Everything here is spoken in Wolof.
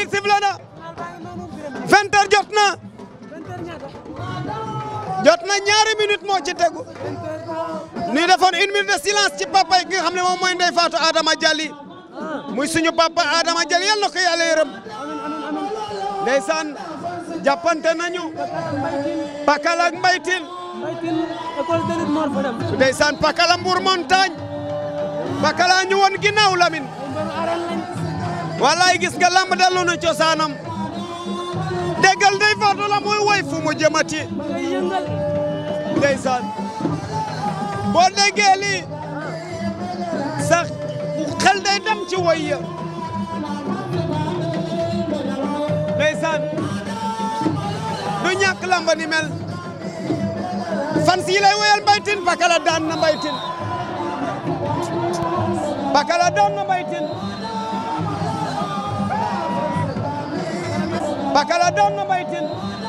bi sifflé na nyari heures jot na jot na ñaari minutes moo ci tegu ni defoon une minute de silence ci papa yi nga Fatou Adama muy suñu papa Adama Dialy yal na ko yàlla yërëm ndeysaan jàppante nañu Pakala ak Mbaytin ndeysaan Pakala Mbour montagne Pakala ñu woon ginnaaw Lamine wallaay gis nga lamb dellu na cosaanam déggal ndey faatu la muy woy fu mu jëmati ndeysaan boo déggee lii sax xel day dem ci woy ya ndeysaan du ñàkk lamba ni mel fan si lay woyal mbaytin bakala daan na mbaytin bakala daan na mbaytin Pakala daan na Mbaye Tine